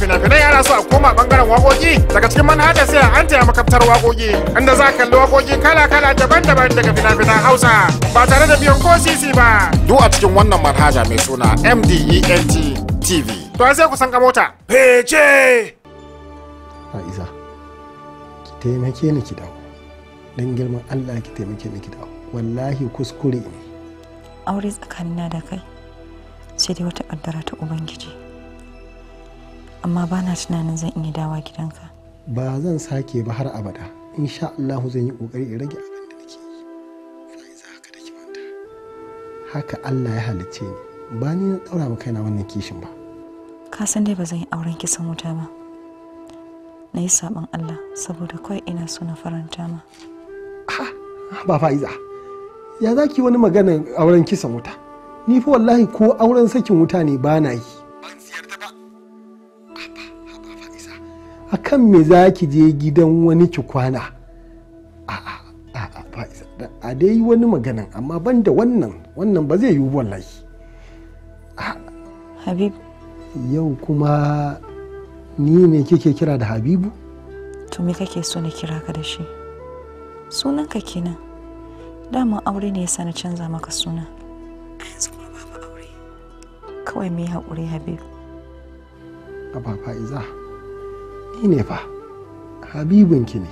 fina-finai ana so a koma bangaren wakoki daga cikin manhaja sai an taya makaftar wakoki inda za kalli wakoki kala-kala daban-daban daga fina-finan hausa ba tare da biyan ko sisi ba duk a cikin wannan manhaja mai suna mdent tv to sai ku san mota fece ki taimake ni ki don girman allah ki taimake ni ki wallahi kuskure aure tsakanina da kai sai dai wata ƙaddara ta ubangiji amma ba na tunanin zan iya dawa gidanka ba zan sake ba har abada insha Allah zan yi kokari in rage abin da nake yi sai za ka da kimanta haka Allah ya halicce ni ba ni na daura ma kaina wannan kishin ba ka san dai ba zan yi auren kisan wuta ba na yi sabon Allah saboda kawai ina so na faranta ma. ba fa'iza ya za ki wani maganar auren kisan wuta ni fa wallahi ko auren sakin wuta ne ba na yi a kan me za ki je gidan wani ki kwana a dai wani maganan amma ban da wannan wannan ba zai yiwu wallahi habibu yau kuma ni ne kike kira da habibu to me kake so na kira ka da shi sunanka kenan daman aure ne yasa na canza maka suna kawai mai haƙuri habibu a fa'iza ni ne fa habibinki ne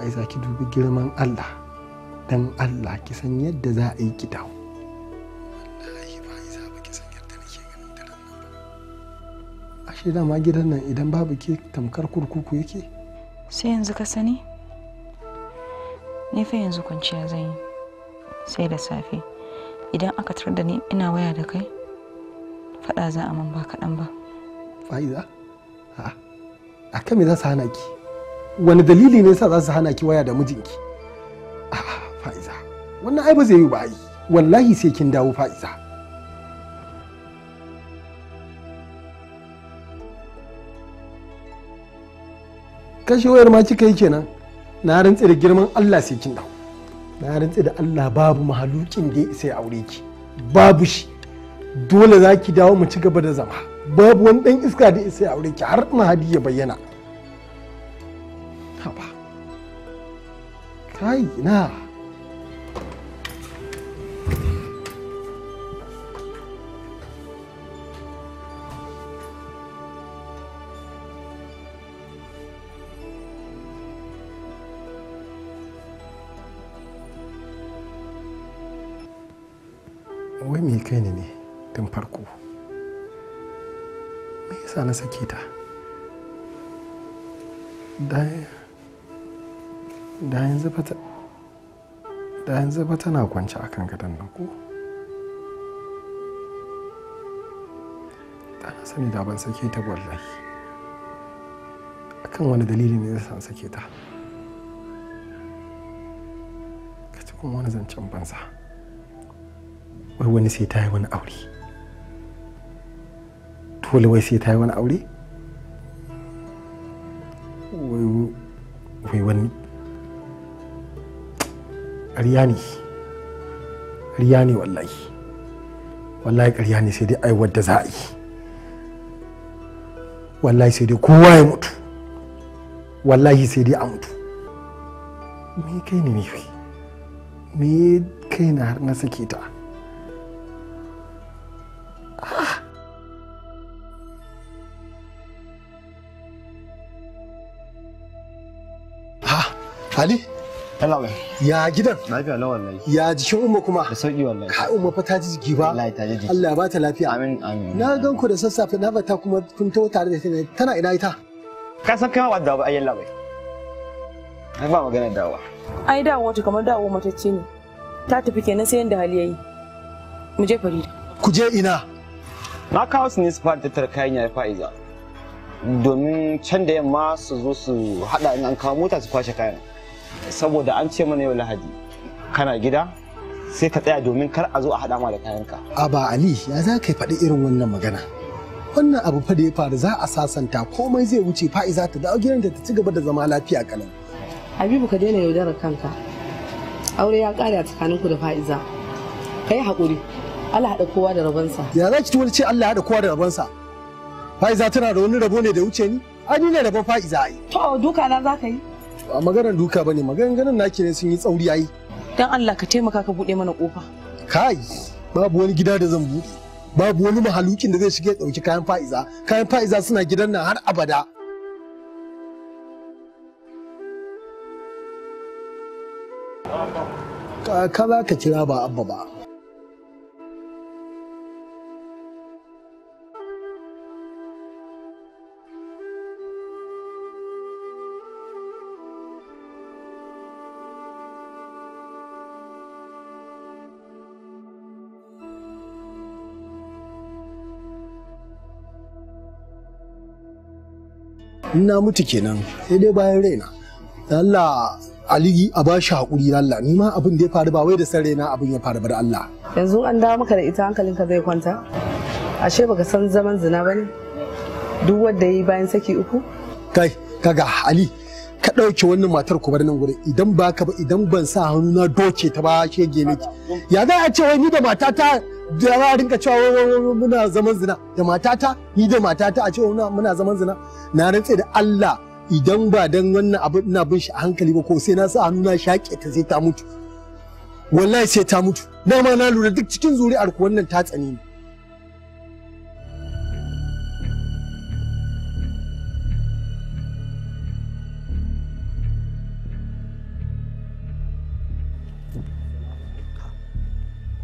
ai za ki dubi girman allah dan allah ki san yadda za a yi ki dawo ashe dama gidan nan idan babu ke tamkar kurkuku yake sai yanzu ka sani ne fa yanzu kwanciya zan yi sai da safe idan aka tar da ni ina waya da kai faɗa za a man ba kaɗan ba fa'iza a'a a kan me za su hana ki wani dalili ne yasa za su hana ki waya da mijinki a'a fa'iza wannan ai ba zai yi ba ai wallahi sai kin dawo fa'iza kashe wayar ma kika yi kenan na rantse da girman Allah sai kin dawo na rantse da Allah babu mahalukin da sai aure ki babu shi dole za ki dawo mu ci gaba da zama babu wani dan iska da isa aure ki har mahadi ya bayyana haba kai na rike ta da yanzu ba tana kwanci a kan gadon nan ko da na sani da ban sake ta wallahi akan wani dalili ne zai sake ta ka ci kuma wani zancen banza wai wani sai ta yi wani aure dole wai sai ta yi wani aure wai wani ƙarya ne ƙarya ne wallahi wallahi ƙarya ne sai dai ai wadda za a yi wallahi sai dai kowa ya mutu wallahi sai dai a mutu me kai ne ne kai me kai na har na sake ta Ali? Allah Ya gidan? Lafiya la wallahi. Ya jikin umma kuma? Da sauki wallahi. Ka umma fa ta ji jiki ba? Wallahi ta ji jiki. Allah ba ta lafiya. Amin amin. Na gan ku da sassafe na bata kuma kun tawo tare da ita tana ina ita? Ka san kai ma wadda ba ayyan labai. Ai ba magana dawa. Ai dawo ta kamar dawo ce ne. Ta tafi kenan sai yanda hali yayi. Mu je Farida. Ku je ina? Na kawo su ne su fara tattara kayan yayi fa'iza. Domin can da yamma su zo su haɗa in an kawo mota su kwashe kayan. saboda an ce mana yau lahadi kana gida sai ka tsaya domin kar a zo a haɗa ma da kayanka a ba ali ya za ka faɗi irin wannan magana wannan abu fa da ya faru za a sasanta komai zai wuce fa'iza ta dawo gidan da ta ci gaba da zama lafiya kalan habibu ka daina yaudarar kanka aure ya ƙare a tsakaninku da fa'iza ka yi haƙuri Allah haɗa kowa da rabonsa. Ya za ki wani ce Allah haɗa kowa da rabonsa? Fa'iza tana da wani rabo ne da wuce ni? Ani ne rabon fa'iza ai. To duka na za ka yi? a maganar duka ba bane ganin naki ne sun yi tsauri yayi dan Allah ka taimaka ka buɗe mana kofa kai babu wani gida da zan bude babu wani mahalukin da zai shiga ya dauki kayan fa'iza kayan fa'iza suna gidan nan har abada ka za ka kira ba abba ba na mutu kenan sai dai bayan raina Allah aligi a ba shi haƙuri Allah ni abin da ya faru ba wai da san na abin ya faru ba da Allah yanzu an dawo maka da ita ka zai kwanta ashe baka san zaman zina ba ne duk wanda yi bayan saki uku kai kaga Ali ka ɗauke wannan matar ku bar nan gure idan baka ba idan ban sa hannu na doke ta ba shege nake ya za a ce wai ni da matata da za a rinka cewa muna zaman zina da matata ni da matata a cewa muna zaman zina na rantse da Allah idan ba dan wannan abu ina bin shi a hankali ba ko sai na sa hannu na shake ta sai ta mutu wallahi sai ta mutu na ma na lura duk cikin zuri'ar ku wannan ta tsani ne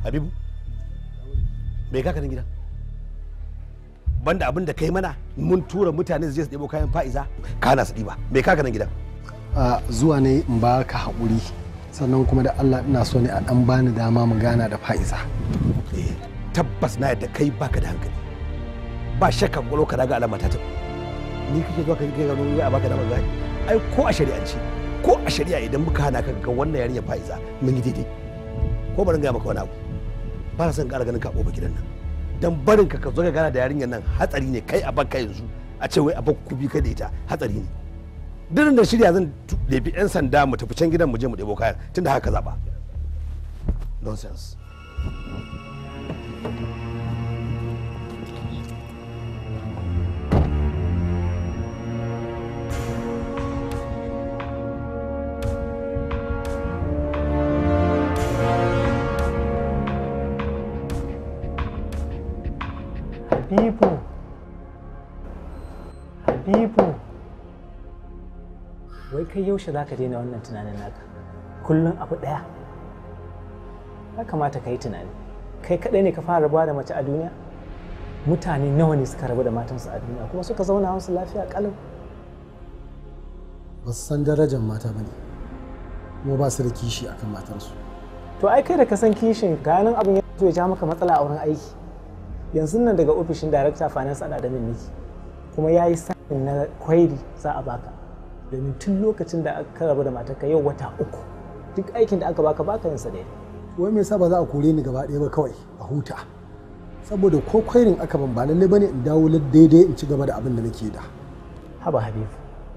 Habibu me ka nan gidan banda abin da kai mana mun tura mutane su je su ɗebo kayan fa'iza ka hana su ɗiba me ka gidan gidan. zuwa ne in ba ka haƙuri sannan kuma da Allah ina so ne a ɗan bani dama mu gana da fa'iza eh, tabbas na yadda kai baka da hankali ba shakka gwalo ka daga alama ta ni kake zuwa kake ga mun a baka da zai ai ko a shari'anci ko a shari'a idan muka hana ka ga wannan yarinya fa'iza mun yi daidai ko bari ga maka wani abu ba san son ƙara ganin ka ƙofa gidan nan dan barin ka ka zo gana da yarinyar nan hatsari ne kai a bakka yanzu a ce wai a bakku bi ka da ita hatsari ne dirin da shirya zan ɗebi 'yan sanda mu tafi can gidan mu je mu ɗebo kayan tunda haka zaɓa nonsense kai yaushe za ka daina wannan tunanin naka kullum abu ɗaya ya kamata ka yi tunani kai kaɗai ne ka fara rabuwa da mace a duniya mutane nawa ne suka rabu da matansu a duniya kuma suka zauna wasu lafiya ƙalau ba su san darajar mata ba ne kuma ba su da kishi a kan matarsu to ai kai da ka san kishin ganin abin ya ya ja maka matsala a wurin aiki yanzu nan daga ofishin director finance a admin niki kuma ya yi sanin na kwairi za a baka domin tun lokacin da aka rabu da matarka yau wata uku duk aikin da aka baka baka yin sa daidai wai me yasa ba za a kore ni gaba ɗaya ba kawai a huta saboda ko kwairin aka ban ba lalle bane in dawo daidai in ci gaba da abin da nake da haba habibu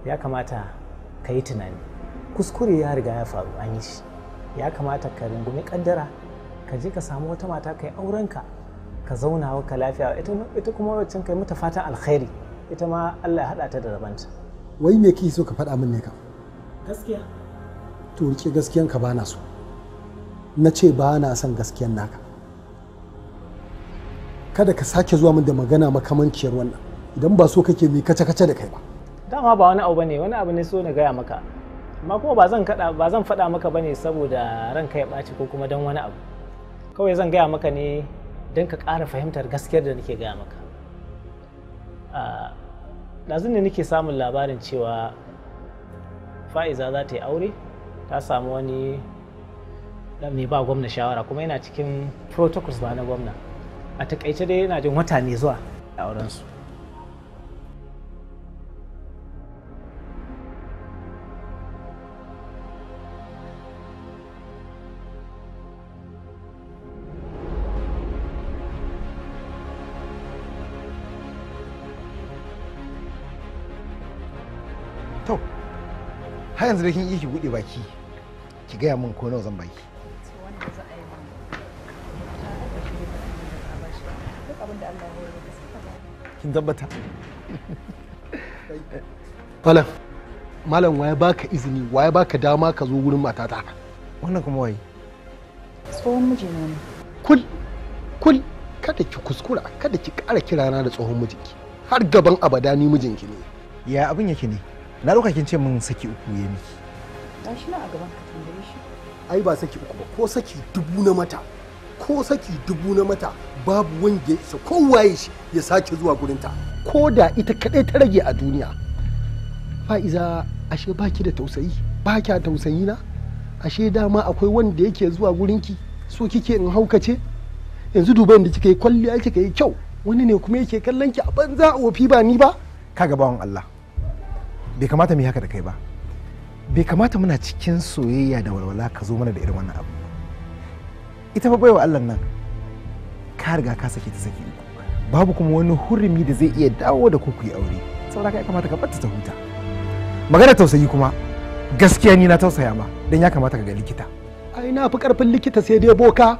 ya kamata ka yi tunani kuskure ya riga ya faru an yi shi ya kamata ka rungumi kaddara ka je ka samu wata mata ka yi aurenka ka zauna ka lafiya ita kuma wacce kai mata fatan alkhairi ita ma Allah ya haɗa ta da rabanta wai me kike so ka faɗa min ne ka gaskiya to rike gaskiyan ka ba na so na ce ba na son gaskiyan naka kada ka sake zuwa min da magana makamanciyar wannan idan ba so kake mi kace kace da kai ba dama ba wani abu bane wani abu ne so na gaya maka amma kuma ba zan kada ba zan faɗa maka bane saboda ranka ya ɓaci ko kuma dan wani abu kawai zan gaya maka ne don ka ƙara fahimtar gaskiyar da nake gaya maka ah, yanzu ne nake samun labarin cewa fa'iza za ta yi aure ta samu wani dan mai ba gwamna shawara kuma yana cikin protocols ba na gwamna a takaice dai yana jin wata ne zuwa a aurensu yanzu da kin yi ki buɗe baki ki gaya min ko nawa zan baki kin tabbata falan malam waye baka izini waye baka dama ka zo wurin matata wannan kuma waye tsohon mijina ne kul kul kada ki kuskura kada ki ƙara kirana da tsohon mijinki har gaban abada ni mijinki ne ya abin yake ne na ɗauka kin ce min saki uku ya miki gashi na a gaban ka tambaye shi ai ba saki uku ba ko saki dubu na mata ko saki dubu na mata babu wanda isa kowaye shi ya sake zuwa gurinta ko da ita kaɗai ta rage a duniya fa'iza ashe baki da tausayi ba kya tausayi na ashe dama akwai wanda yake zuwa gurinki so kike in haukace yanzu duba da kika yi kwalliya kika yi kyau wani ne kuma yake kallon ki a banza a wofi ba ni ba kaga bawan Allah bai kamata mu yi haka da kai ba bai kamata muna cikin soyayya da walwala ka zo mana da irin wannan abu ita fa baiwa Allah nan ka riga ka sake ta saki babu kuma wani hurumi da zai iya dawo da ku ku yi aure saboda ya kamata ka bar ta huta magana tausayi kuma gaskiya ni na tausaya ma dan ya kamata ka ga likita ai na fi karfin likita sai dai boka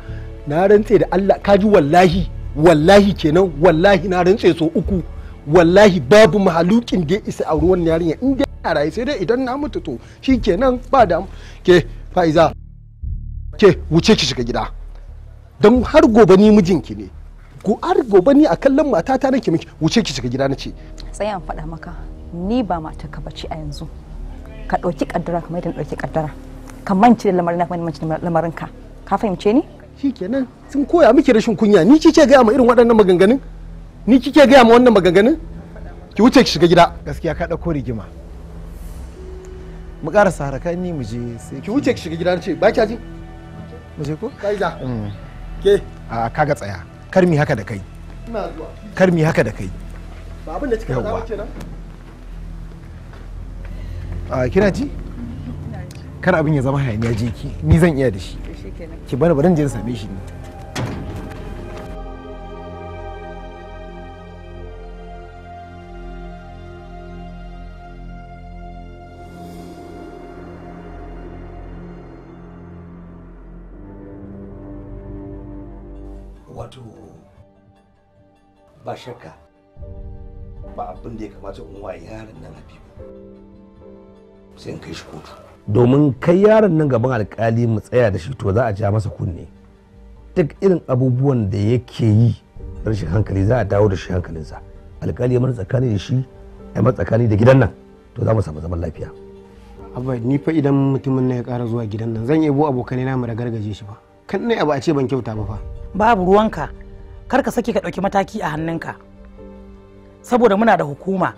na rantse da Allah ji wallahi wallahi kenan wallahi na rantse so uku wallahi babu mahalukin da ya isa a ruwan yarinya in dai a raye sai dai idan na mutu to shikenan ba da ke fa'iza ke wuce ki shiga gida don har gobe ni mijinki ne ko har gobe ni a kallon matata nake miki wuce ki shiga gida nace tsaya an faɗa maka ni ba ka bace a yanzu ka ɗauki kaddara kamar yadda ɗauki kaddara ka manci da lamarin kamar manci da lamarin ka ka fahimce ni shikenan sun koya miki rashin kunya ni ce ga ma irin waɗannan maganganun ni kike gaya ma wannan maganganun ki wuce ki shiga gida gaskiya ka dauko rigima mu ƙara saraka ni mu je sai ki wuce ki shiga gida ce ba kya ji mu je ko kaiza mm. ke a kaga tsaya kar mi haka da kai ina zuwa kar mi haka da kai ba abin da kika faɗa kenan a kina ji kar abin ya zama hayaniya je ki ni zan iya da shi ki bani bari je same shi ne ba shakka ba abin da ya kamata in wa yaron nan habibu sai in kai shi kotu domin kai yaron nan gaban alkali mu tsaya da shi to za a ja masa kunne duk irin abubuwan da yake yi rashin hankali za a dawo da shi hankalinsa alkali ya mana tsakani da shi ya mana tsakani da gidan nan to za mu samu zaman lafiya abba ni fa idan mutumin na ya kara zuwa gidan nan zan iya yabo abokanai na mu da gargaje shi ba kan ne abu a ce ban kyauta ba fa babu ruwanka kar ka sake ka ɗauki mataki a hannunka saboda muna da hukuma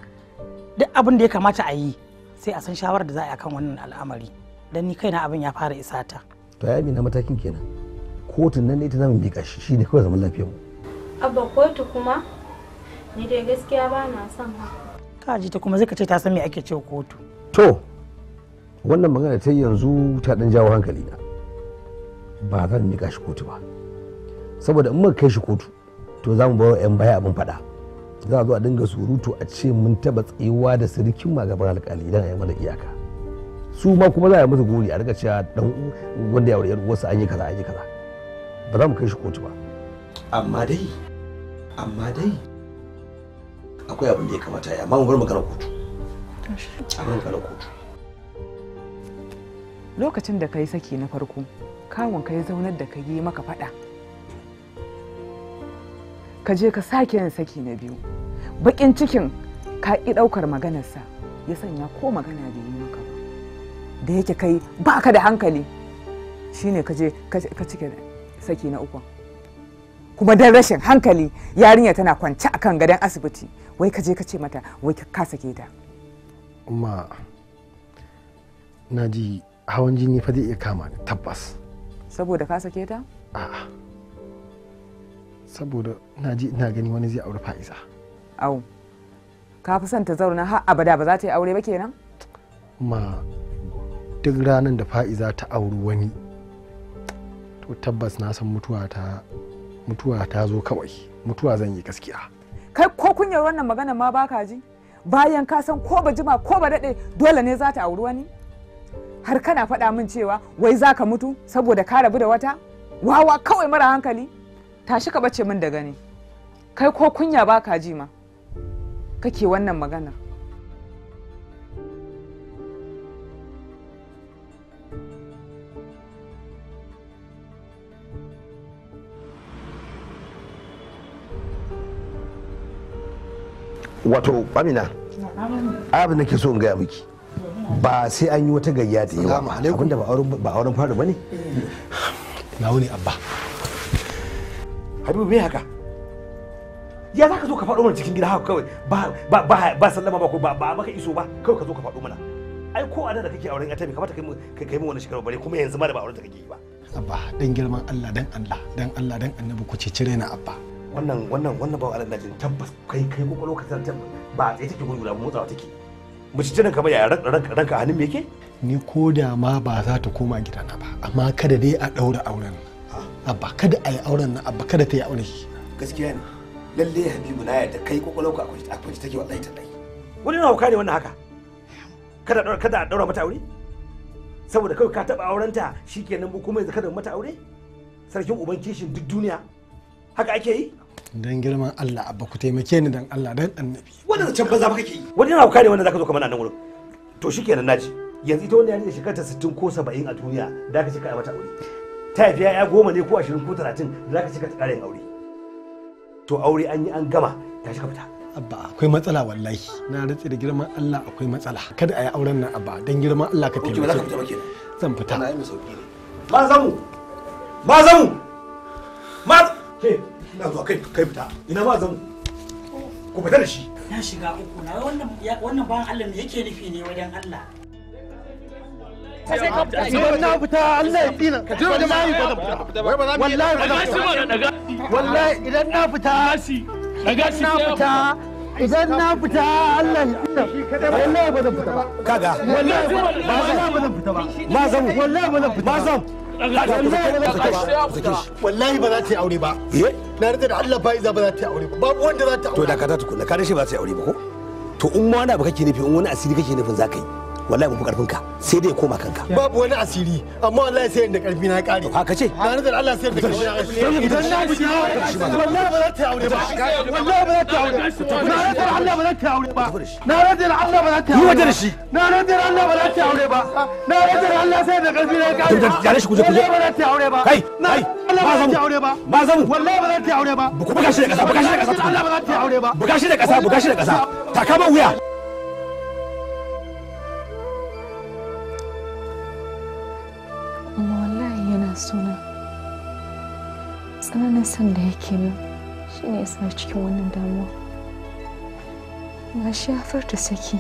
duk abin da ya kamata a yi sai a san shawarar da za a yi akan wannan al'amari don ni kaina abin ya fara isa ta to ya na matakin kenan kotun nan ne ta zama miƙa shi ne kawai zaman lafiyar mu abba kotu kuma ni dai gaskiya ba na son haka ka ji ta kuma zai ka ce ta san me ake cewa kotu to wannan magana ta yanzu ta dan jawo hankali na ba zan miƙa shi kotu ba saboda in muka kai shi kotu to za mu bawa 'yan baya abin faɗa za a zo a dinga surutu a ce mun taba tsayuwa da sirikin ma gaban alkali idan a yi mana iyaka su ma kuma za a yi musu guri a rika cewa dan wanda ya wuri wasu an yi kaza an yi kaza ba za mu kai shi kotu ba amma dai amma dai akwai abin da ya kamata ya amma mu bar magana kotu amma bar magana kotu lokacin da kai saki na farko kawun kai zaunar da ka yi maka faɗa ka je ka sake yin saki na biyu bakin cikin ka ƙi ɗaukar sa ya sanya ko magana da yi maka ba da yake kai baka da hankali shine ka ka cike saki na uku kuma dan rashin hankali yarinya tana kwance akan gadon asibiti wai ka je ka ce mata wai ka sake ta amma na ji hawan jini fa zai iya kama ni tabbas saboda ka sake ta a'a saboda na ji ina gani wani zai aure fa'iza au ka fi son ta zauna har abada ba za ta yi aure ba kenan ma duk ranar da fa'iza ta auri wani to tabbas na san mutuwa ta mutuwa ta zo kawai mutuwa zan yi gaskiya kai ko kunyar wannan magana ma baka ji bayan ka san ko ba jima ko ba dade dole ne za ta auri wani har kana faɗa min cewa wai za ka mutu saboda ka rabu da wata wawa kawai mara hankali tashi ka bace min da gani kai ko kunya ba ka ji ma kake wannan magana. wato amina abin da ke so in gaya miki ba sai an yi wata gayya da yawa abinda ba auren fara ba ne na wuni abba habibu me haka ya za ka zo ka faɗo mana cikin gida haka kawai ba ba ba ba sallama ba ko ba ba maka iso ba kawai ka zo ka faɗo mana ai ko a da kake auren ya tabi kamata kai kai mu wani shekaru bare kuma yanzu ma da ba auren ta kake yi ba abba dan girman Allah dan Allah dan Allah dan annabi ku cece raina abba wannan wannan wannan ba Allah jin tabbas kai kai ko lokacin tabbas ba sai take gurgura motsawa take mu cece ranka ba ya ranka hannun me yake ni ko da ma ba za ta koma gidana ba amma kada dai a daura auren abba kada a yi auren nan abba kada ta yi aure gaskiya ne lalle habibu na yarda kai kwakwalwarka a kwanci take wallahi tallahi wani na hauka ne wannan haka kada daura kada daura mata aure saboda kawai ka taba aurenta shikenan mu kuma yanzu kada mata aure sarkin uban kishin duk duniya haka ake yi dan girman Allah abba ku taimake ni dan Allah dan annabi wannan can banza ba kake yi wani na hauka ne wanda zaka zo kamar nan wurin to shikenan naji yanzu ita wannan yarinya shekarta 60 ko 70 a duniya da ka ci ka mata aure ta haifi ya goma ne ko ashirin ko talatin da za ka cika ta ƙarin aure to aure an yi an gama ta shi ka fita abba akwai matsala wallahi na rantsi da girman Allah akwai matsala kada a yi auren nan abba don girman Allah ka taimake zan fita ma zamu ma zamu ma ke ina zuwa kai kai fita ina ma zamu ku fita da shi na shiga uku na wannan wannan ban Allah ne yake nufi ne wajen Allah idan na fita Allah ya tsina wallahi ba zan fita wallahi ba zan fita wallahi idan na fita idan na fita idan na fita Allah ya tsina wallahi ba zan fita ba kaga wallahi ba zan fita ba ba zan ba ba ba za ta aure ba ba ba babu wanda za ta aure to da ka ta tukuna ka ba za ta aure ba ko to in ma wani abu kake nufi in wani asiri kake nufin za ka yi wallahi ba karfin ka sai dai koma kanka babu wani asiri amma wallahi sai inda karfi na kare haka ce na nazar Allah sai da karfi na kare idan na ji wallahi ba za ta aure ba wallahi ba za ta aure na nazar Allah ba za ta aure ba na nazar Allah ba za ta aure ba shi na nazar Allah ba za ta aure ba na nazar Allah sai da karfi na kare da jare shi kuje kuje ba za ta aure ba kai kai Allah ba za ta aure ba ba za mu wallahi ba za ta aure ba buka shi da kasa buka shi da kasa Allah ba za ta aure ba buka shi da kasa buka shi da kasa takama wuya tsananin san da yake min shi ne yasa cikin wannan damuwa ga shi ya farta saki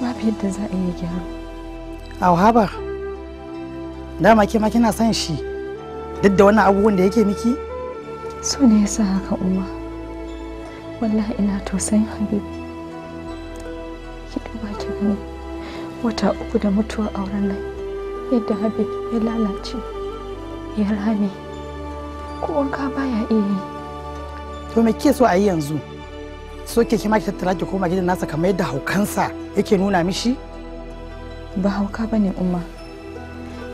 babu yadda za a iya gyara auhaba dama ke ma kina son shi duk da wannan abubuwan da yake miki so ne yasa haka umma wallahi ina tausayin habibi ki duba ki gani wata uku da mutuwa auren nan yadda habib ya lalace ya rame ko wanka baya iya yi to me ke so a yi yanzu so ke kima ki tattara ki koma gidan nasa kamar yadda haukansa yake nuna mishi ba hauka ne umma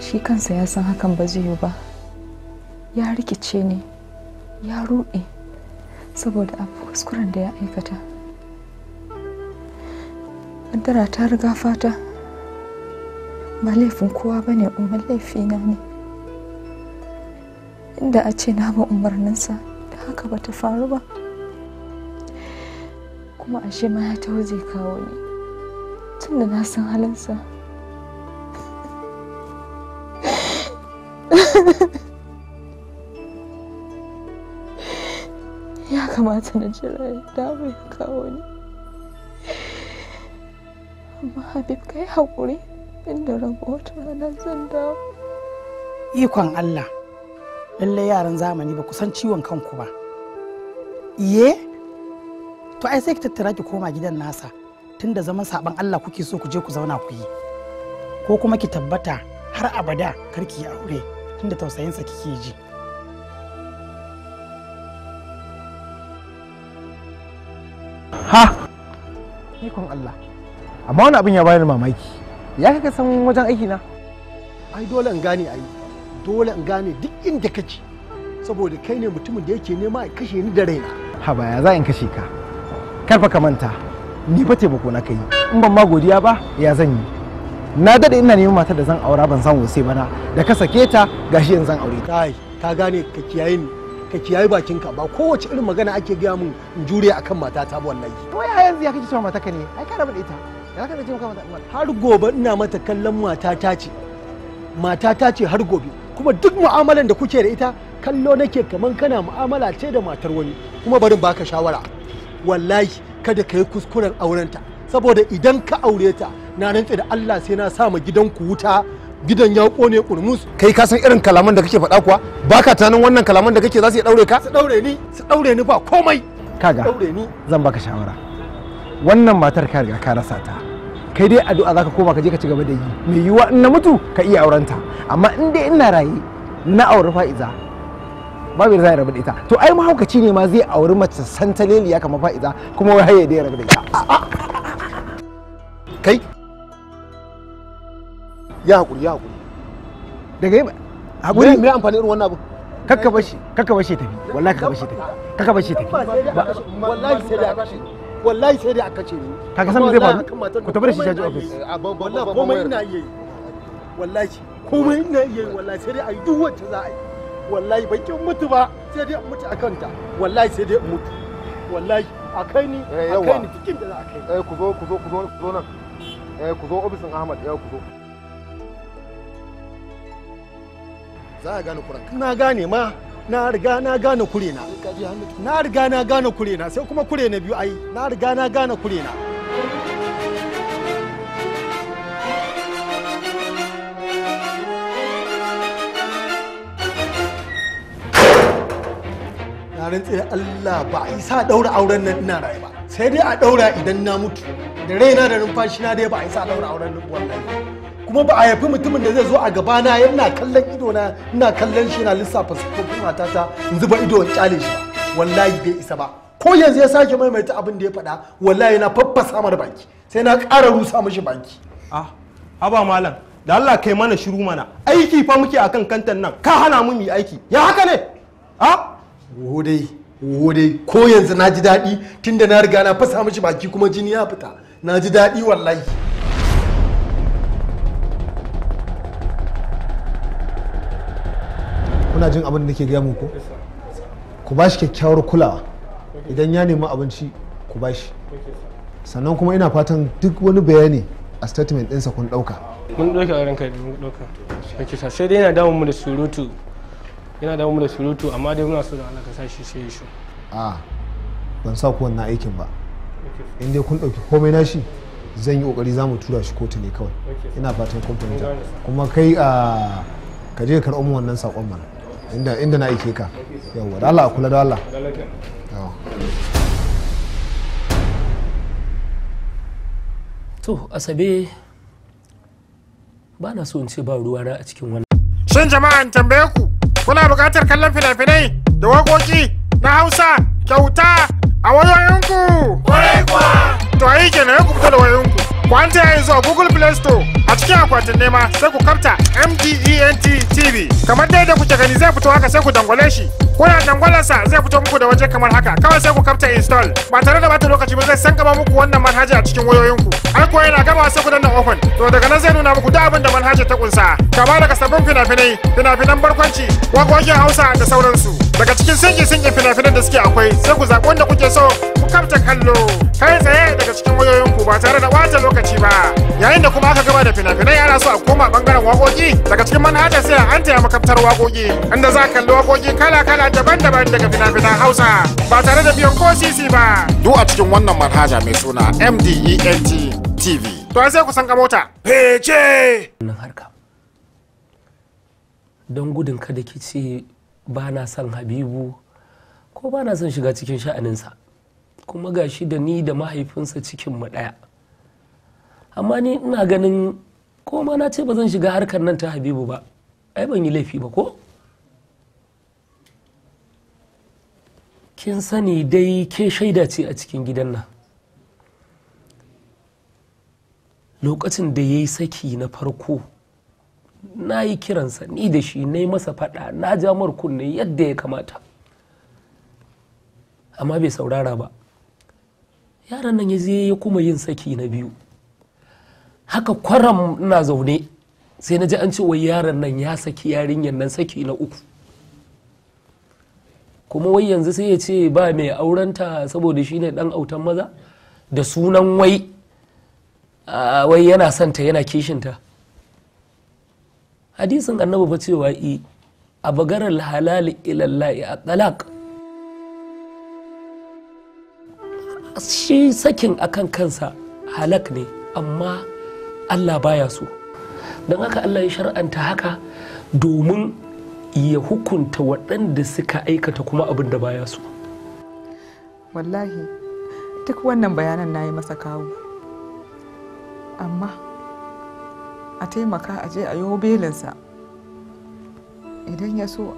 shi kansa ya san hakan ba zai yi ba ya rikice ne ya ruɗe saboda abu kuskuren da ya aikata kaddara ta riga fata ba laifin kowa ne umar laifina ne inda a ce na ba umarninsa da haka ba ta faru ba kuma ashe ma ya taho zai kawo ne, tun da na san halinsa ya kamata na jira ya dawo ya kawo ne. amma habib kai haƙuri inda rabu wata rana zan dawo ikon allah lallai yaran zamani ba kusan ciwon kanku ba iye to ai sai ki tattara ki koma gidan nasa da zaman saban Allah kuke so ku je ku zauna ku yi ko kuma ki tabbata har abada kar ki yi aure tunda tausayinsa kike ji ha ikon Allah amma wani abin ya bayar mamaki ya kaka san wajen aiki na ai dole in gane ai dole in gane duk inda kake saboda kai ne mutumin da yake nema ya kashe ni da raina ha baya za in kashe ka karfa ka manta ni fa taimako na kai in ban ma godiya ba ya zan yi na dade ina neman matar da zan aura ban samu sai bana da ka sake ta gashi yanzu zan aure ta ka gane ka kiyaye ni ka kiyaye bakinka ba kowace irin magana ake gaya min in jure akan matata ba wallahi to ya yanzu ya kace mata ka ne ai ka rabu da ita ya ka da cewa mata har gobe ina mata kallon matata ce matata ce har gobe kuma duk mu'amalan da kuke da ita kallo nake kaman kana mu'amala ce da matar wani kuma barin baka shawara wallahi kada ka yi kuskuren aurenta saboda idan ka aure ta na rantsa da Allah sai na sa ma ku wuta gidan ya kone kurmus kai ka san irin kalaman da kake faɗa kuwa baka tanin wannan kalaman da kake za su daure ka su daure ni su daure ni ba komai kaga zan baka shawara wannan matar ka riga ka rasa ta kai dai addu'a zaka koma ka je ka ci gaba da yi mai yiwuwa in na mutu ka iya aurenta amma in dai ina raye na auri fa'iza babu zai rabu da ita to ai mahaukaci ne ma zai auri mace ya kama fa'iza kuma wai haye da ya rabu da ita kai ya hakuri ya hakuri daga yi hakuri me amfani irin wannan abu kakka bashi kakka bashi tafi wallahi kakka bashi tafi kakka bashi tafi wallahi sai da kashe wallahi sai dai a kace ni kaga san zai faru ku tabbata shi jaji office wallahi komai ina iya yi wallahi komai ina iya yi wallahi sai dai a yi duk wacce za a yi wallahi ban kin mutu ba sai dai in mutu a ta wallahi sai dai in mutu wallahi a kai ni eh, a kai ni cikin da za a kai eh ku zo ku zo ku zo ku zo nan eh ku zo ofisin Ahmad eh ku zo za a gane kuranka na gane ma na riga na gane kurena na riga na gane kurena sai kuma kure na biyu ai na riga na gane kurena na rantse Allah ba a isa daura auren nan ina rayu ba sai dai a daura idan na mutu da raina da numfashi na dai ba a isa daura auren nan wallahi kuma ba a haifi mutumin da zai zo a gabana yana kallon ido na ina kallon shi na lissafa kofin matata in zuba ido in kyale shi wallahi bai isa ba ko yanzu ya sake maimaita abin da ya faɗa wallahi na faffasa mara baki sai na ƙara rusa mishi baki ah haba malam da Allah kai mana shiru mana aiki fa muke akan kantan nan ka hana mu yi aiki ya haka ne ah wo dai wo dai ko yanzu na ji daɗi tunda na riga na fasa mishi baki kuma jini ya fita na ji daɗi wallahi kuna jin abin da nake gaya muku ku ba shi kyakkyawar kulawa idan ya nemi abinci ku ba shi sannan kuma ina fatan duk wani bayani a statement ɗinsa kun ɗauka mun ɗauka a kai mun ɗauka sai dai yana damun mu da surutu yana damun mu da surutu amma dai muna so da Allah ka sa shi sai shi a ban sa ku wannan aikin ba in dai kun ɗauki komai na shi zan yi kokari za mu tura shi kotu ne kawai ina fatan kun fahimta kuma kai a ka je karɓar mu wannan saƙon mana inda inda na aike ka yawwa da Allah kula da Allah to asabe ba na so in ce ba ruwa a cikin wannan shin jama'an tambaye ku kuna buƙatar kallon fina-finai da waƙoƙi na hausa kyauta a wayoyinku kwarai kuwa to ayi kenan ya ku fito da wayoyinku ku an yanzu a google play store a cikin akwatin nema sai ku kamta mdent tv kamar dai da kuke gani zai fito haka sai ku dangwale shi kuna dangwalarsa zai fito muku da waje kamar haka kawai sai ku kamta install ba tare da bata lokaci ba zai san gaba muku wannan manhaja a cikin wayoyinku har ko yana gama sai ku danna open to daga nan zai nuna muku duk abin da manhaja ta kunsa kama daga sabbin fina-finai fina-finan barkwanci waƙoƙin hausa da sauransu daga cikin sinki singin fina-finan da suke akwai sai ku zaɓi wanda kuke so ku kamta kallo kai tsaye daga cikin wayoyinku ba tare da bata lokaci ba yayin da kuma aka gaba da fina-finai ana so a koma bangaren wakoki daga cikin manhaja sai an taya makaftar wakoki inda za kalli wakoki kala-kala daban-daban daga fina-finan hausa ba tare da biyan ko sisi ba duk a cikin wannan manhaja mai suna mdent tv to an sai ku san ka mota fece harka don gudun kada ki ce ba na son habibu ko ba na son shiga cikin sha'aninsa kuma gashi da ni da mahaifinsa cikin mu ɗaya amma ni ina ganin ko ma na ce ba zan shiga harkar nan ta habibu ba ai ban yi laifi ba ko kin sani dai ke shaida ce a cikin gidan nan lokacin da ya yi saki na farko na yi kiransa ni da shi na yi masa faɗa na ja kunne yadda ya kamata amma bai saurara ba yaran nan ya je ya kuma yin saki na biyu haka kwaram ina zaune sai na ji an ce wai yaron nan ya saki yarinyar nan saki na uku kuma wai yanzu sai ya ce ba mai aurenta saboda shi ne dan autan maza da sunan wai wai yana santa yana kishinta hadisin annabi fa cewa i a bagarar halali ilallahi a talaq shi sakin akan kansa halak ne amma allah baya so don haka allah ya shar'anta haka domin ya hukunta waɗanda suka aikata kuma abin da baya so wallahi duk wannan bayanan na yi masa kawo amma a taimaka a je a yi belinsa idan ya so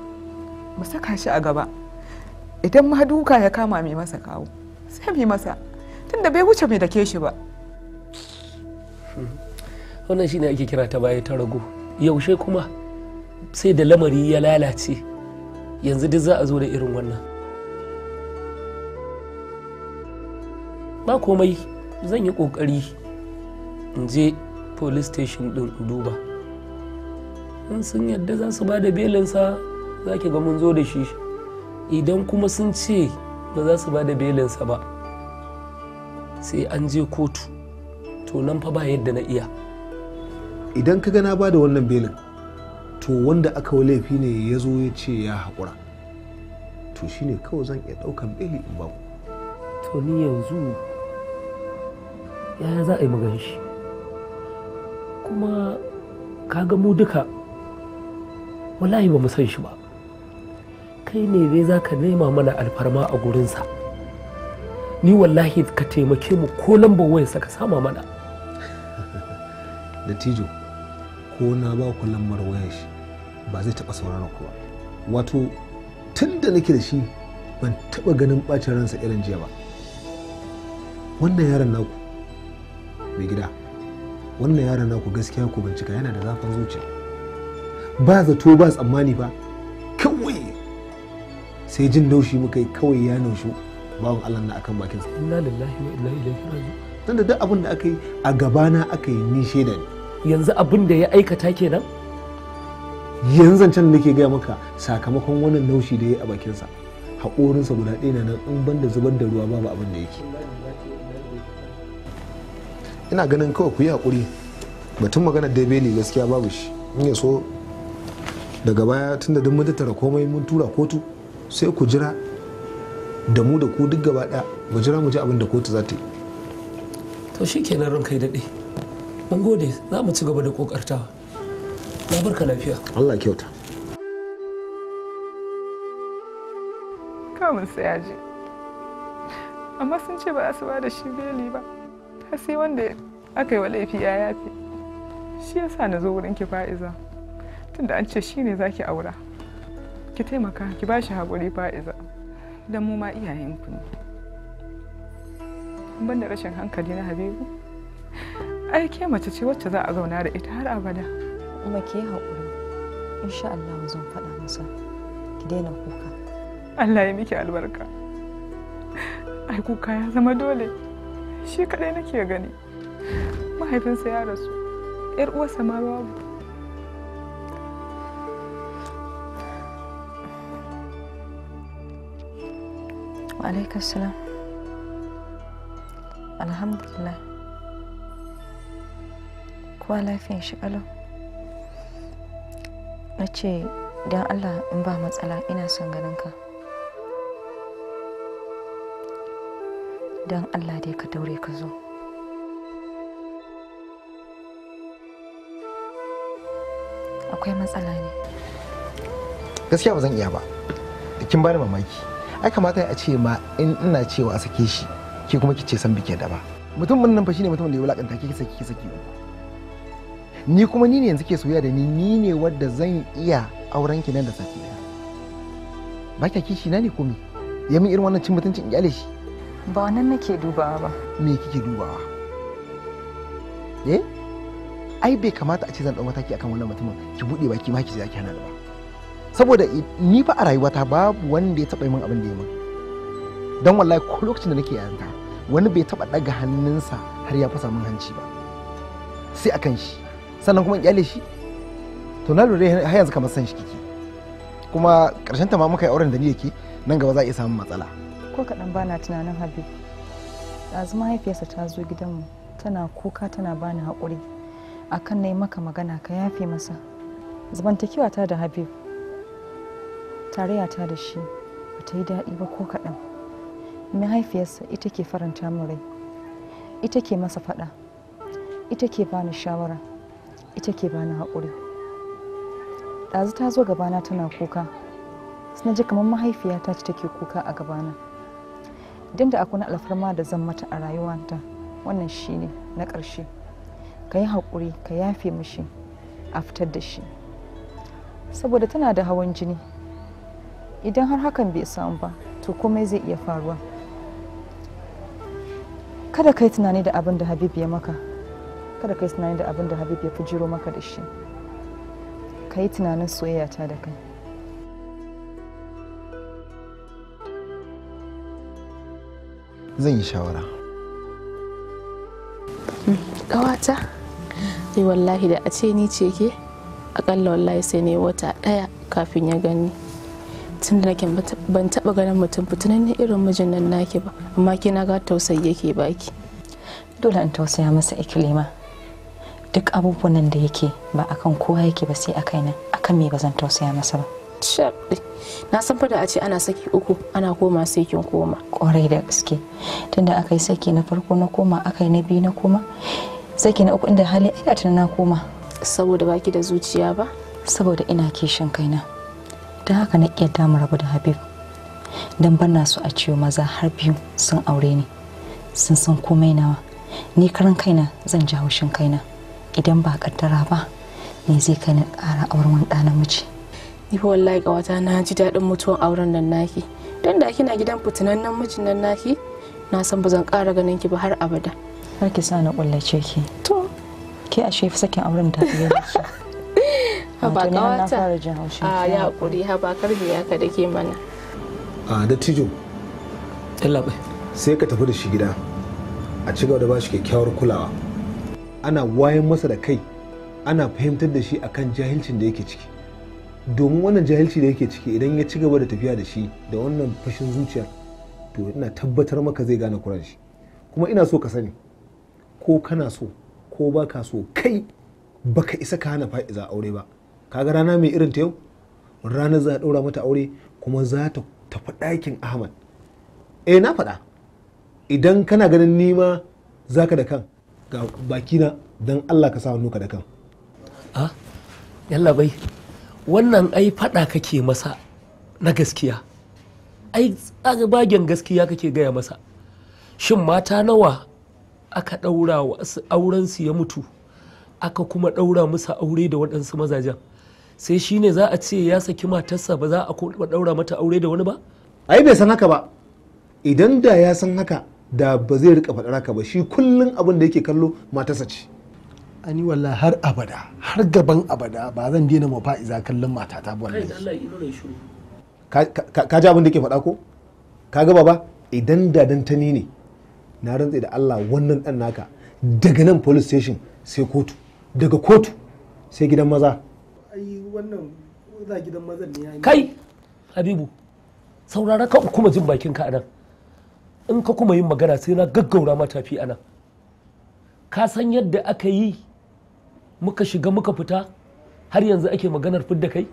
mu saka shi a gaba idan ma duka ya kama mai masa kawo sai mai masa tunda bai wuce mai da ke shi ba wannan shine ake kira ta baya ta rago yaushe kuma sai da lamari ya lalace yanzu duk za a zo da irin wannan ba komai zan yi kokari in je police station din duba in sun yadda za su ba da belinsa za ki ga mun zo da shi idan kuma sun ce ba za su ba da belinsa ba sai an je kotu to nan fa ba yadda na iya idan ka gana ba da wannan belin to wanda aka wa laifi ne ya zo ya ce ya haƙura to shine kawai zan iya ɗaukan beli in ba to ni yanzu yaya za a yi magan shi kuma kaga mu duka wallahi ba mu san shi ba kai ne zai za ka nema mana alfarma a gurinsa ni wallahi ka taimake mu ko lambar wayansa ka sama mana da tijo ko na ba ku lambar wayar shi ba zai taɓa sauraron ku ba wato tun da nake da shi ban taɓa ganin ɓacin ransa irin jiya ba wannan yaron naku mai gida wannan yaron naku gaskiya ku bincika yana da zafin zuciya ba zato ba tsammani ba kawai sai jin naushi muka yi kawai ya naushi bawan allah na akan bakinsa inna lillahi wa inna ilaihi raji'un tunda duk abin da aka yi a gabana aka yi ni shaida ne yanzu abin da ya aikata kenan yanzu can nake gaya maka sakamakon wannan naushi da ya yi a bakinsa haƙorinsa guda ɗaya na nan in banda zubar da ruwa babu abin da yake ina ganin kawai ku yi haƙuri batun maganar da beli gaskiya babu shi in ya so daga baya tunda duk mun tattara komai mun tura kotu sai ku jira da mu da ku duk gaba ɗaya mu jira mu ji abin da kotu za ta yi to shi kenan kai daɗe mun gode za mu ci gaba da kokartawa na barka lafiya Allah kyauta kamun sai amma sun ce ba a su ba da shi beli ba har sai wanda aka yi wa laifi ya yafe shi yasa na zo wurin ki fa'iza tunda an ce shine zaki aura ki taimaka ki ba shi haƙuri fa'iza dan mu ma iyayen ku ne ban da rashin hankali na habibu ai ke mace ce wacce za a zauna da ita har abada kuma ke haƙuri insha Allah zan faɗa masa ki daina kuka Allah ya miki albarka ai kuka ya zama dole shi kadai nake gani mahaifinsa ya rasu yar uwarsa ma babu wa alaikassalam alhamdulillah kowa lafiyan shi ƙalau na ce don allah in ba matsala ina son ganin ka don allah dai ka daure ka zo akwai matsala ne gaskiya ba zan iya ba kin bani mamaki ai kamata a ce ma in ina cewa a sake shi ke kuma kice san bike da ba mutumin nan fa shine mutumin da ya wulakanta ki saki ki saki uku ni kuma ni ne yanzu ke soyayya da ni ni ne wadda zan iya auren ki nan da sati ba kya kishi na ne ko me ya min irin wannan cin mutuncin in kyale shi ba wannan nake dubawa ba me kike dubawa eh ai bai kamata a ce zan dau mataki akan wannan mutumin ki bude baki ma ki ce ki hana da ba saboda ni fa a rayuwata babu wanda ya taba min abin da ya min dan wallahi ko lokacin da nake yanta wani bai taba daga hannunsa har ya fasa min hanci ba sai akan shi sannan kuma in kyale shi to na lura har yanzu kamar san shi kike kuma karshen ta ma muka yi auren da ni yake nan gaba za a iya samun matsala ko kaɗan bana tunanin habib ɗazu mahaifiyarsa ta zo gidanmu tana kuka tana bani haƙuri akan na yi maka magana ka yafe masa zamantakewa ta da habib tarayya ta da shi ba ta yi daɗi ba ko kaɗan mahaifiyarsa ita ke faranta min rai ita ke masa faɗa ita ke bani shawara ita ke bani haƙuri ɗazu ta zo gabana tana kuka suna ji kamar mahaifiyata ce take kuka a gabana idan da akwai alfarma da zan mata a rayuwanta wannan shine na ƙarshe ka yi haƙuri ka yafe mishi a fitar da shi saboda tana da hawan jini idan har hakan bai samu ba to komai zai iya faruwa kada kai tunani da abin da habibu ya maka kada kai yi tunanin da abin da habib ya fi jiro maka da shi ka yi tunanin soyayya ta da kai zan yi shawara hmm, ƙawata ni wallahi da a ce ni ce ke akalla wallahi sai ne wata ɗaya kafin ya gani tun da nake ban taɓa ganin mutum fitinan ne irin mijin nan naki ba amma kina ga tausayi yake baki dole an tausaya masa ikilima duk abubuwan da yake ba kan kowa yake ba sai a nan akan me ba zan tausaya masa ba na san fa a ce ana saki uku ana koma sai kin koma kwarai da gaske tunda aka yi saki na farko na koma aka yi na biyu na koma saki na uku inda hali ina tana na koma saboda baki da zuciya ba saboda ina kishin kaina don haka na iya damu rabu da habib don na su a ciwo maza har biyu sun aure ni sun san komai nawa ni karan kaina zan ji haushin kaina idan ba kaddara ba me zai kai kara auren wani ɗa namiji ni fa wallahi ƙawata na ji daɗin mutuwan auren nan naki dan da kina gidan fitinan nan mijin nan naki na san ba zan ƙara ganin ki ba har abada har ki sa na kullace ki to ke ashe fi sakin auren da ya ki ha ba ƙawata a ya kuri ha ba karbi ya ka dake mana a dattijo sai ka tafi da shi gida a cigaba da ba shi kyakkyawar kulawa ana wayan masa da kai ana fahimtar da shi akan jahilcin da yake ciki domin wannan jahilci da yake ciki idan ya ci gaba da tafiya da shi da wannan fashin zuciyar to ina tabbatar maka zai gane kuran shi kuma ina so ka sani ko kana so ko ba ka so kai baka isa ka hana fa'iza aure ba kaga rana mai irin ta yau ranar za a ɗaura mata aure kuma za ta tafi ɗakin ahmad eh na faɗa idan kana ganin nima zaka da kan ga bakina don Allah ka sa hannu ka da kan a yalla bai wannan ai fada kake masa na gaskiya ai bagen gaskiya kake gaya masa shin mata nawa aka ɗaura wa aurensu ya mutu aka kuma ɗaura musu aure da waɗansu mazajen sai shine za a ce ya saki matarsa ba za a ɗaura mata aure da wani ba ai bai san haka ba idan da ya san haka da ba zai rika faɗa ka ba shi kullum abin da yake kallo matarsa ce ani walla har abada har gaban abada ba zan daina mafa iza kallon matata ba wallahi ka ji abin da yake faɗa ko ka ga baba idan da dan tani ne na rantse da Allah wannan dan naka daga nan police station sai kotu daga kotu sai gidan maza ai wannan za gidan maza ne kai habibu saurara ka kuma jin bakin ka a nan in ka kuma yin magana sai na gaggaura ma tafi ana ka san yadda aka yi muka shiga muka fita har yanzu ake maganar fidda kai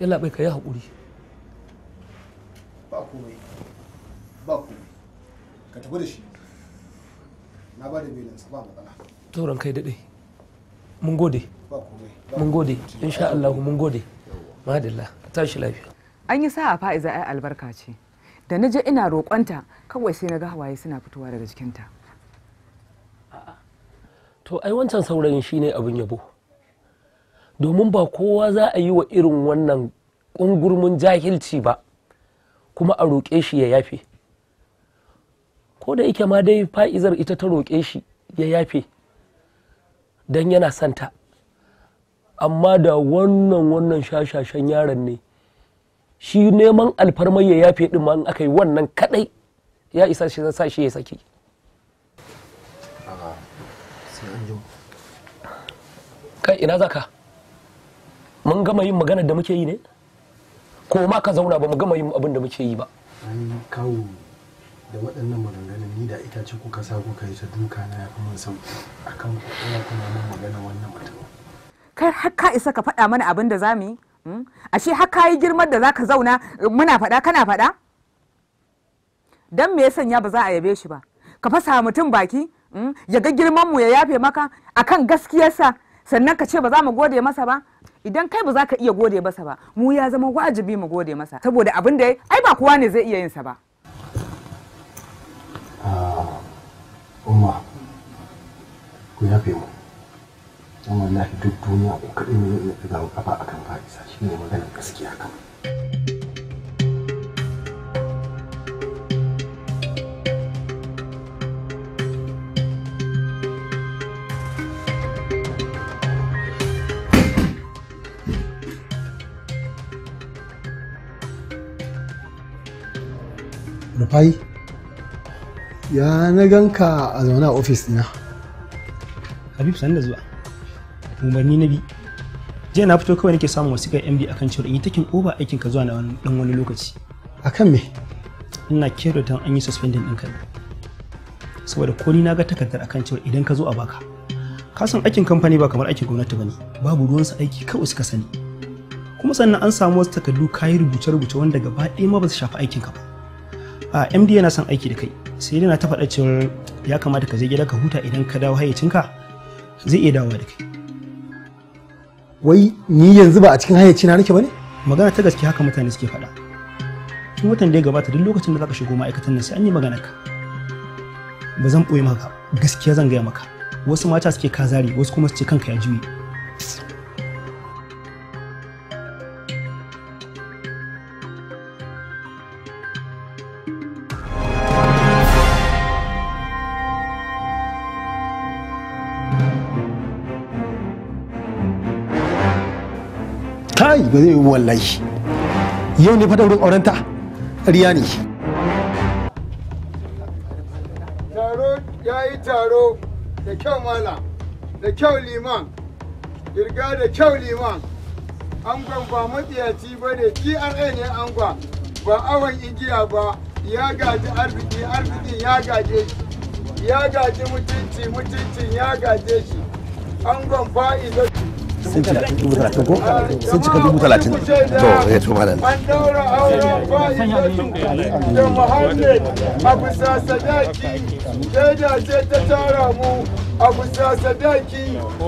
yalla bai ka yi haƙuri ba komai ba komai ka tafi da shi na ba da belinsa ba matsala tauran kai daɗe mun gode mun gode insha Allah mun gode madalla tashi lafiya an yi sa'a fa'iza ai albarka ce da na je ina roƙonta kawai sai na ga hawaye suna fitowa daga jikinta to ai wancan saurayin shine abin yabo domin ba kowa za a yi wa irin wannan ƙungurmin jahilci ba kuma a roƙe shi ya yafe ko da ike ma dai fa'izar ita ta roƙe shi ya yafe don yana santa amma da wannan wannan shashashen yaron ne shi neman alfarmar ya yafe din ma in aka yi wannan kadai ya isa shi sa shi ya saki kai ina zaka mun gama yin magana da muke yi ne ko ma ka zauna ba mu gama yin abin da muke yi ba An kawo da waɗannan maganganun ni da itace kuka sa kuka yi ta duka na yafi mun san akan kuma kuma magana wannan mutum kai har ka isa ka faɗa mana abin da za mu yi Hmm? ashe har kayi girman da zaka zauna muna faɗa kana faɗa don me ya sanya ba za a yabe shi ba ka fasa mutum baki hmm? ya ga girmanmu ya yafe maka akan gaskiyarsa sannan ka ce ba za mu gode masa ba idan kai ba za ka iya gode masa ba mu ya zama wajibi mu gode masa saboda abin da ai ba kowa ne zai iya yin sa ba ah, umma ku yafe mu wallahi duk duniya ko akan fa'isa shi ne gaskiya rufai ya na ganka a zaune a ofis habib san da zuwa umarni na bi jiya na fito kawai nake samun wasikar mb akan cewa in yi takin over aikin ka zuwa na dan wani lokaci akan me ina kero don an yi suspending ɗinka ne saboda ko ni na ga takardar akan cewa idan ka zo a baka ka san aikin kamfani ba kamar aikin gwamnati bane babu ruwansa aiki kawai suka sani kuma sannan an samu wasu takardu kayi rubuce-rubuce wanda gaba ɗaya ma ba su shafi aikin ka ba a md yana son aiki da kai sai dai na ta faɗa cewa ya kamata ka je gida ka huta idan ka dawo hayyacinka zai iya dawowa da kai wai ni yanzu ba a cikin hayyaci na nake bane magana ta gaske haka mutane suke faɗa tun watan da ya gabata duk lokacin da zaka shigo ma'aikatan nan sai an yi magana ka ba zan ɓoye maka gaskiya zan gaya maka wasu mata suke kazari wasu kuma su ce kanka ya juye dubu wallahi yau ne faɗa wurin aurenta riya ne taro ya yi taro da kyau mala da kyau liman girga da kyau liman angon ba matsiyaci ba ne gra ne angon ba awon igiya ba ya gaji arziki arzikin ya gaje shi ya gaji mutunci mutuncin ya gaje shi angon fa'iza sun cika dubu talatin ko sun cika dubu talatin to ya eh, to malam a ce ta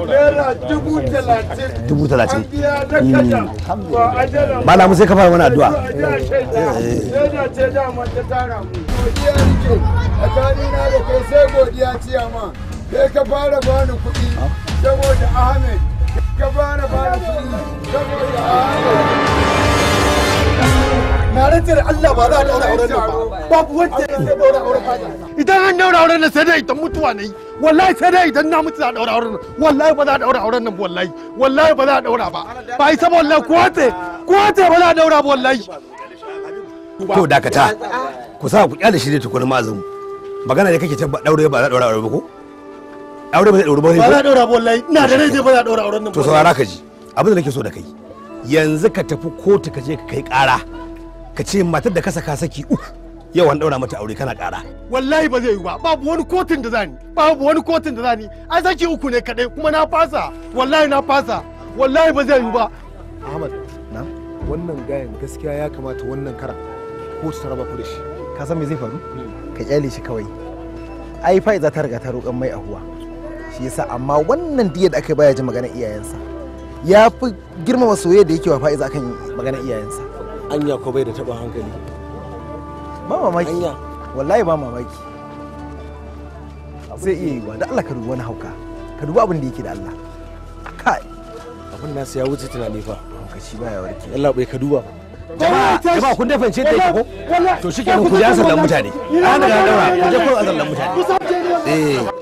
naira dubu talatin dubu hmm. talatin ba na musai kafa wani addu'a ce dama ta tara mu godiya rike da kai sai godiya ciyama ka fara bani kuɗi eh. saboda ahmed ka saboda a idan an daura auren nan sai dai idan mutuwa ne wallahi sai dai idan na mutu za a daura auren nan wallahi ba za a daura auren nan wallahi wallahi ba za a daura ba ba isa wallahi ko wace ko wace ba za a daura ba wallahi to dakata ku sa ku kyale shi da tukunin mazin magana da kake ta daure ba za a daura auren ba ko aure ba zai dauri ba ba za ba wallahi ina da rai zai ba za dora auren nan to saurara ka ji abin da nake so da kai yanzu ka tafi kotu ka je ka kai kara ka ce matar da ka saka saki uku yau an daura mata aure kana kara. wallahi ba zai yi ba babu wani kotun da zani babu wani kotun da zani an saki uku ne kadai kuma na fasa wallahi na fasa wallahi ba zai yi ba ahmad na wannan gayan gaskiya ya kamata wannan kara ko su raba ku da shi ka san me zai faru hmm. ka kyale shi kawai ai fa'iza ta riga ta roƙan mai ahuwa shi yasa amma wannan diya da aka baya ji magana iyayensa ya fi girmama soyayya da yake wa fa'iza akan magana iyayensa anya ko bai da taba hankali ba mamaki anya wallahi ba mamaki sai iya yiwa da Allah ka dubi wani hauka ka dubi abin da yake da Allah kai abin nasu ya wuce tunani fa haukaci baya warke Allah bai ka duba jama'a kun dafa ce da yake ko to shikenan ku ji an sallan mutane Ana ga dawa ku je ku an sallan mutane eh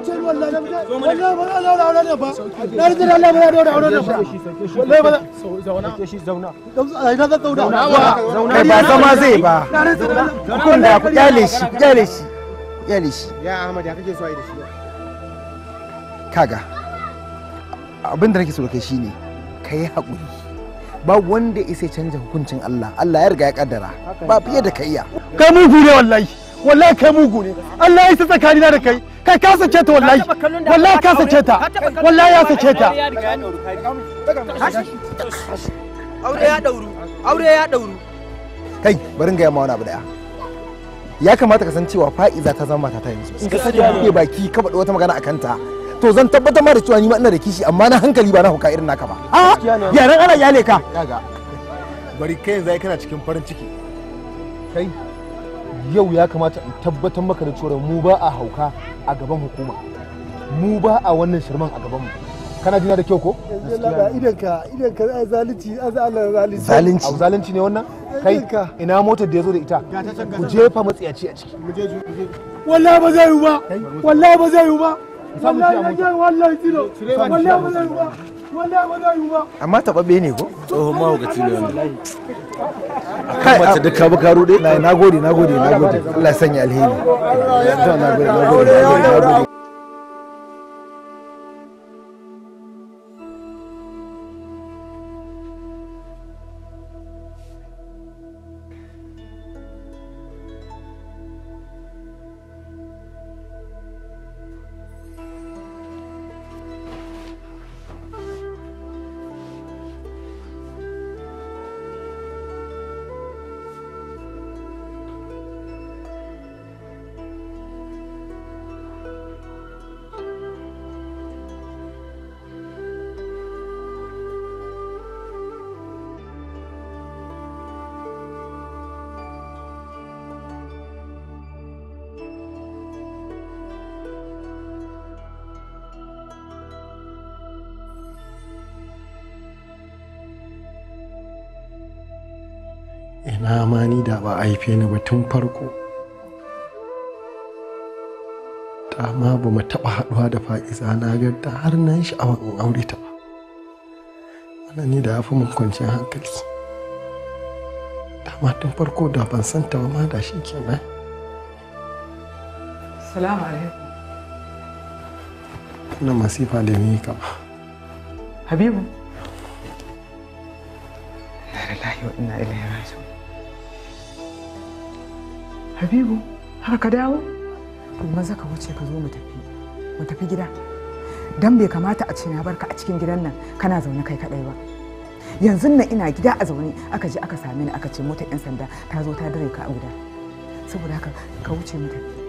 wuce ni na wallahi ba shi ba zama zai ba da ku kyale shi kyale shi kyale shi ya Ahmad ya kake so da shi kaga abin da nake so kai shine kai hakuri ba wanda isa canja hukuncin Allah Allah ya riga ya kaddara ba fiye da ka kai mun fi wallahi wallahi kai mugu ne Allah ya sa tsakanina da kai kai ka sace ta wallahi wallahi ka sace ta wallahi ya sace ta aure ya dauru aure ya dauru kai Bari ga yamma wani abu daya ya kamata ka san cewa fa'iza ta zama matata yanzu in ka sake buɗe baki ka faɗi wata magana akan ta to zan tabbatar ma da cewa ni ma ina da kishi amma na hankali ba na huka irin naka ba a yaran ana iyale ka bari kai yanzu kana cikin farin ciki kai yau ya kamata in tabbatar maka da cewa mu ba a hauka a gaban hukuma mu ba a wannan shirman a gaban mu kana jina da kyau ko idan ka idan ka zalunci azalan zalunci zalunci zalunci ne wannan kai ina motar da yazo da ita ku jefa matsiyaci a ciki wallahi ba zai yi ba wallahi ba zai yi ba wallahi ba zai yi ba wallahi ba zai yi ba amma taɓaɓɓe ne ko tsohon mawa ga ne wannan kai mace duk ka baka rude na gode na gode na gode Allah sanya alheri na gode na gode na gode haife ni ba tun farko ma ba mu taɓa haɗuwa da fa'iza na ga da har nan yi sha'awar in aure ta ba ni da ya fi mun kwanciyar hankali ma tun farko da ban san ta ma da shi kenan salamu alaikum na masifa da ni ka ba habibu inna lillahi wa ina ilaihi raji'un habibu haka ka dawo kuma za ka wuce ka zo mu tafi mu tafi gida dan bai kamata a ce na barka a cikin gidan nan kana zaune kai kadai ba yanzu nan ina gida a zaune aka je aka same ni aka ce mota yan sanda ta zo ta dare ka a gida saboda haka ka wuce mu tafi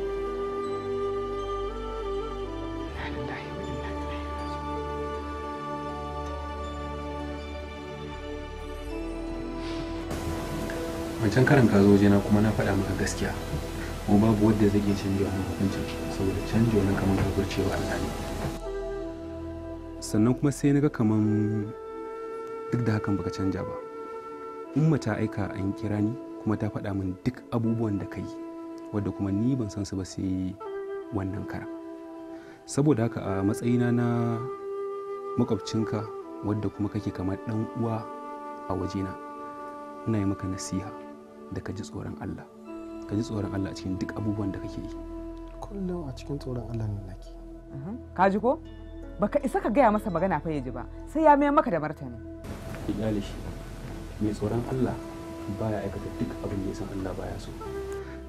can karin ka zo na kuma na faɗa maka gaskiya mu babu wanda zai iya canja wani hukuncin saboda canji wani kamar gabar cewa Allah ne sannan kuma sai naga kaman duk da hakan baka canja ba umma ta aika an kira ni kuma ta faɗa min duk abubuwan da kai wadda kuma ni ban san su ba sai wannan kara saboda haka a matsayina na makwabcinka wadda kuma kake kamar ɗan uwa a wajena ina yi maka nasiha da ka ji tsoron Allah ka ji tsoron Allah a cikin duk abubuwan da kake yi kullum a cikin tsoron Allah ne nake mhm. ka ji ko baka isa ka gaya masa magana fa yaji ba sai ya mayar maka da martani iyali shi mai tsoron Allah baya aikata duk abin da ya san Allah baya so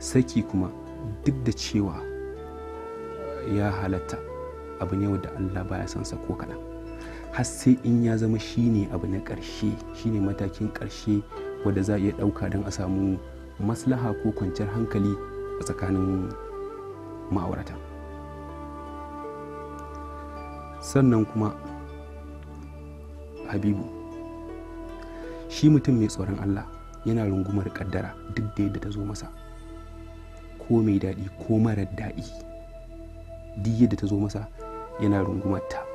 saki kuma duk da cewa ya halatta abu ne wanda Allah baya son sa ko kaɗan har sai in ya zama shine abu na ƙarshe shine matakin ƙarshe wadda za a iya ɗauka don a samu maslaha ko kwanciyar hankali a tsakanin ma'aurata sannan kuma habibu shi mutum mai tsoron allah yana rungumar kaddara duk da yadda ta zo masa ko mai daɗi ko marar daɗi duk yadda ta zo masa yana rungumar ta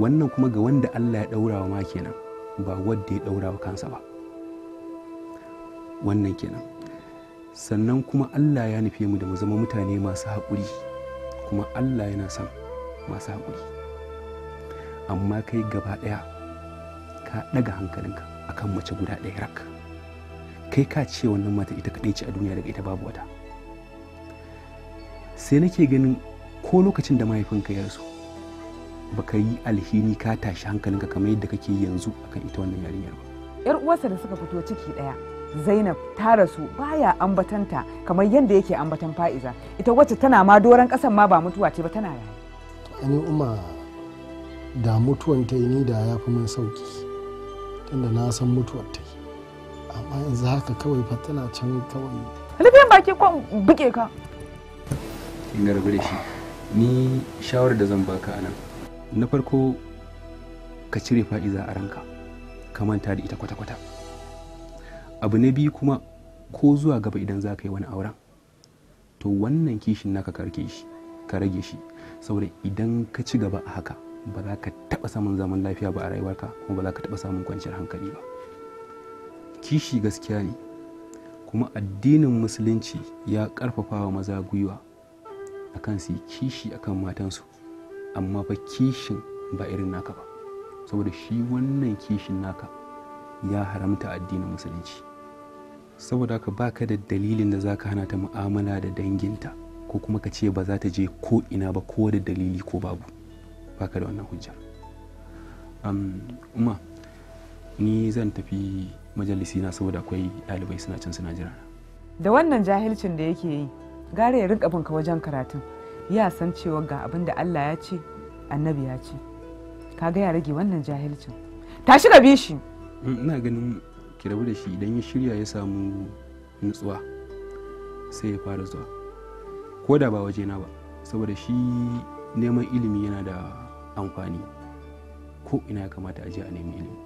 wannan kuma ga wanda allah ya ɗaura wa ma kenan ba wadda ya ɗaura wa kansa ba wannan kenan sannan kuma allah ya nufe mu da mu zama mutane masu haƙuri kuma allah yana son masu haƙuri amma kai gaba ɗaya ka ɗaga hankalinka a kan mace guda ɗaya rak kai ka ce wannan mata ita kaɗai ce a duniya daga ita babu wata sai nake ganin ko lokacin da mahaifinka ya rasu baka yi alhini ka tashi hankalinka kamar yadda kake yanzu akan ita wannan yarinyar ba yar uwarsa da suka fito ciki ɗaya zainab ta rasu baya ambatanta kamar yadda yake ambatan fa'iza ita wacce tana ma doron kasan ma ba mutuwa ce ba tana raye ni umma da mutuwan ta yi ni da ya fi min sauki tunda na san mutuwar ta amma yanzu haka kawai fa tana can kawai rufin baki ko buke ka in garbi da shi ni shawarar da zan baka nan. na farko ka cire fa'iza a ranka ka manta da ita kwata-kwata abu na biyu kuma ko zuwa gaba idan za ka yi wani auren to wannan kishin naka karke shi ka rage shi saboda idan ka ci gaba a haka ba za ka taɓa samun zaman lafiya ba a rayuwarka kuma ba za ka taɓa samun kwanciyar hankali ba kishi gaskiya ne kuma addinin musulunci ya karfafawa wa maza gwiwa akan su yi kishi akan matansu amma fa kishin ba irin naka ba saboda shi wannan kishin naka ya haramta addinin musulunci saboda ka baka da dalilin da zaka hana ta mu'amala da danginta ko kuma ka ce ba za ta je ko ina ba ko da dalili ko babu baka da wannan hujjar umma ni zan tafi majalisi na saboda akwai ɗalibai suna can suna jira da wannan jahilcin da yake yi gare ya rinka binka wajen karatun ya san cewa ga abin da Allah ya ce annabi ya ce ka ga ya rage wannan jahilcin tashi ka bi shi ina ganin ki rabu da shi idan ya shirya ya samu nutsuwa sai ya fara zuwa ko da ba waje na ba saboda shi neman ilimi yana da amfani ko ina ya kamata a je a nemi ilimi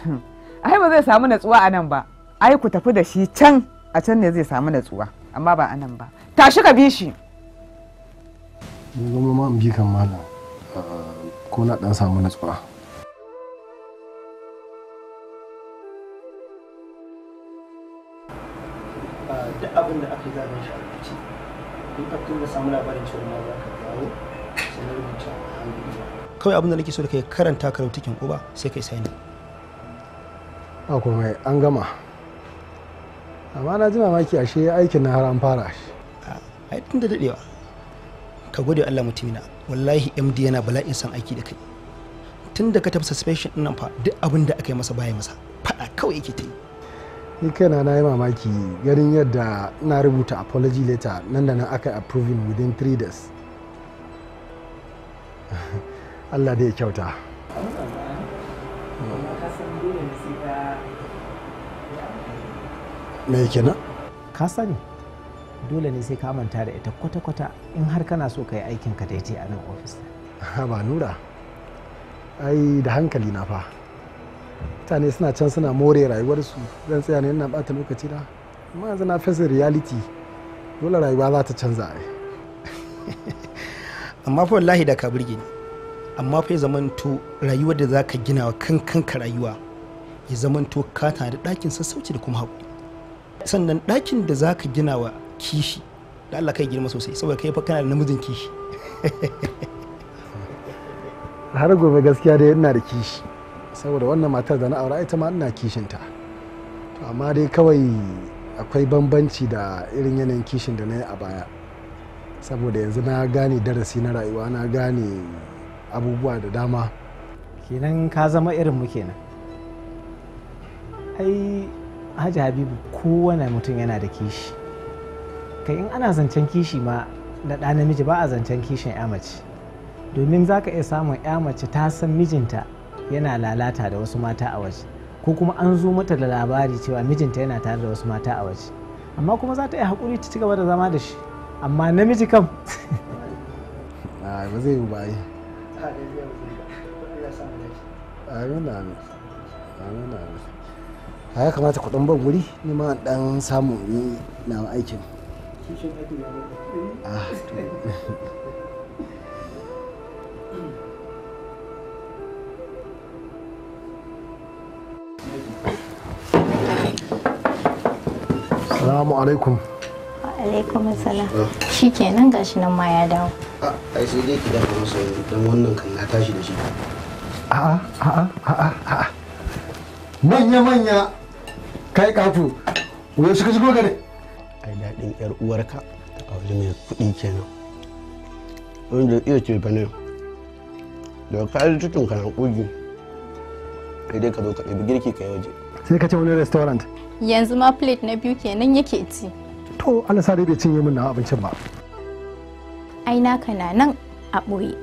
ai ba zai samu natsuwa a nan ba ai ku tafi da shi can a can ne zai samu natsuwa amma ba a nan ba tashi ka bi shi zama ma in kan malam ah, ko na dan samu natsuwa abin da aka zaɓa shi a rubuce in ka tun da samu labarin cewa ma za ka dawo sai na rubuta a hannun kawai abin da nake so da kai karanta ka rubuta uba sai kai sai sani a komai an gama amma na ji mamaki ashe aikin na haram fara shi ai tun da dadewa ka gode Allah mutumina wallahi MD yana bala'in san aiki da kai tun da ka tafi suspension din nan fa duk abin da aka yi masa baya masa fada kawai yake ta yi ni kaina na yi mamaki ganin yadda na rubuta apology letter nan da nan aka approving within 3 days allah da ya kyauta me kenan ka sani dole ne sai ka manta da ita kwata-kwata in har kana so ka yi aikin ka daidai a nan ofis ba nura ai da hankali na fa mutane suna can suna more rayuwarsu zan tsaya ne yana bata lokaci da amma yanzu na fesa reality dole rayuwa za ta canza a amma fa wallahi da ka burge ni amma fa ya to rayuwar da zaka gina wa kanka rayuwa ya to ka tana da ɗakin sassauci da kuma haƙuri sannan ɗakin da zaka gina wa kishi da Allah kai girma sosai saboda kai fa kana da namijin kishi har gobe gaskiya dai ina da kishi saboda wannan matar da na aura ita ma ina kishinta to amma dai kawai akwai bambanci da irin yanayin kishin da na yi a baya saboda yanzu na gane darasi na rayuwa na gane abubuwa da dama kenan ka zama irin muke kenan ai hajji habibu kowane mutum yana da kishi kai in ana zancen kishi ma da ɗa namiji ba a zancen kishin ya mace domin za ka iya samun ya mace ta san mijinta yana lalata da wasu mata a waje ko kuma an zo mata da labari cewa mijinta yana tare da wasu mata a waje amma kuma za ta yi haƙuri ta ci gaba da zama da shi amma namiji kam ba zai yi ba yi ya kamata kudin ban wuri ni ma dan samu ni na aikin Assalamu alaikum. Wa alaikum assalam. nan gashi nan ma ya dawo. A ah, ai sai dai ki dafa masa dan wannan kan na tashi da shi. A'a a'a a'a a'a. Manya manya kai kafu. Wai suka shigo gare. Ai dadin yar uwarka ta kawo mai kuɗi kenan. Wanda iya ce fa ne. Da ka ji tutun kana kugi. Kai dai ka zo ka ɗebi girki ka yi waje. Sai ka ce wani restaurant. yanzu ma plate na biyu kenan yake ci to alasa dai bai cinye min na abincin ba ai naka na nan a ɓoye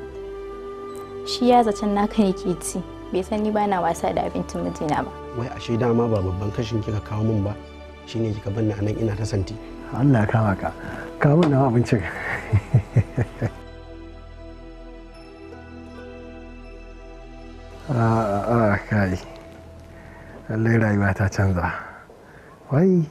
shi ya zaton naka yake ci bai sani ba na wasa da abincin mijina ba wai ashe dama ba babban kashin kika kawo min ba shine kika a anan ina ta santi Allah ya kama ka kawo min na abincin aa a ah, ah, kai lallai rayuwa ta canza Bye.